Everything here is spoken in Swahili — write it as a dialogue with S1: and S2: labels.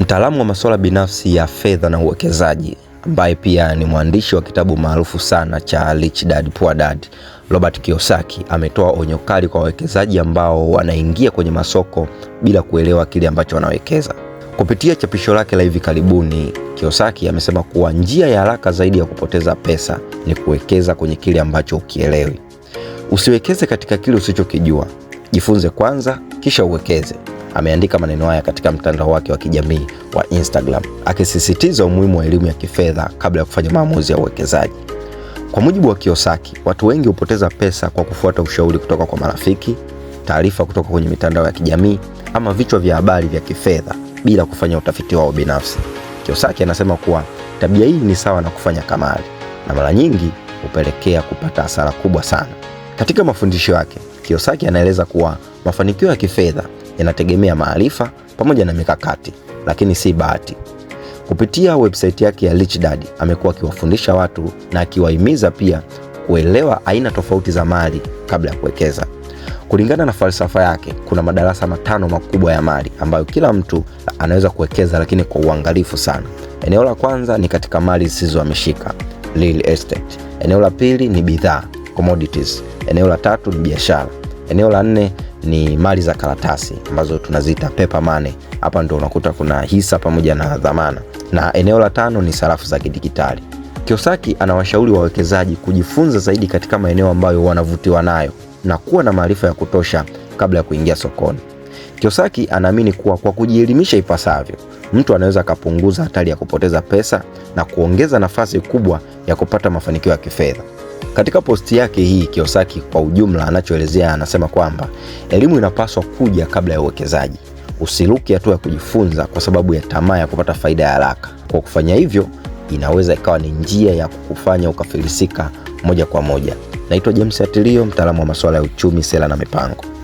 S1: mtaalamu wa masuala binafsi ya fedha na uwekezaji ambaye pia ni mwandishi wa kitabu maarufu sana cha Rich Dad Poor Dad, Robert Kiyosaki ametoa onyo kali kwa wawekezaji ambao wanaingia kwenye masoko bila kuelewa kile ambacho wanawekeza. Kupitia chapisho lake la hivi karibuni, Kiyosaki amesema kuwa njia ya haraka zaidi ya kupoteza pesa ni kuwekeza kwenye kile ambacho ukielewi. Usiwekeze katika kile usichokijua. Jifunze kwanza, kisha uwekeze ameandika maneno haya katika mtandao wake wa kijamii wa Instagram akisisitiza umuhimu wa elimu ya kifedha kabla ya kufanya maamuzi ya uwekezaji. Kwa mujibu wa Kiyosaki, watu wengi hupoteza pesa kwa kufuata ushauri kutoka kwa marafiki, taarifa kutoka kwenye mitandao ya kijamii ama vichwa vya habari vya kifedha bila kufanya utafiti wao binafsi. Kiyosaki anasema kuwa tabia hii ni sawa na kufanya kamari na mara nyingi hupelekea kupata hasara kubwa sana. Katika mafundisho yake, Kiyosaki anaeleza kuwa mafanikio ya kifedha yanategemea maarifa pamoja na mikakati, lakini si bahati. Kupitia website yake ya Rich Dad amekuwa akiwafundisha watu na akiwahimiza pia kuelewa aina tofauti za mali kabla ya kuwekeza. Kulingana na falsafa yake, kuna madarasa matano makubwa ya mali ambayo kila mtu anaweza kuwekeza, lakini kwa uangalifu sana. Eneo la kwanza ni katika mali zisizohamishika, real estate. Eneo la pili ni bidhaa, commodities. Eneo la tatu ni biashara. Eneo la nne ni mali za karatasi ambazo tunaziita paper money. Hapa ndio unakuta kuna hisa pamoja na dhamana, na eneo la tano ni sarafu za kidigitali Kiyosaki anawashauri wawekezaji kujifunza zaidi katika maeneo ambayo wanavutiwa nayo na kuwa na maarifa ya kutosha kabla ya kuingia sokoni. Kiyosaki anaamini kuwa kwa kujielimisha ipasavyo, mtu anaweza akapunguza hatari ya kupoteza pesa na kuongeza nafasi kubwa ya kupata mafanikio ya kifedha. Katika posti yake hii, Kiyosaki kwa ujumla anachoelezea anasema kwamba elimu inapaswa kuja kabla ya uwekezaji. usiruki hatua ya kujifunza kwa sababu ya tamaa ya kupata faida ya haraka. Kwa kufanya hivyo, inaweza ikawa ni njia ya kukufanya ukafilisika moja kwa moja. Naitwa James Atilio, mtaalamu wa masuala ya uchumi, sera na mipango.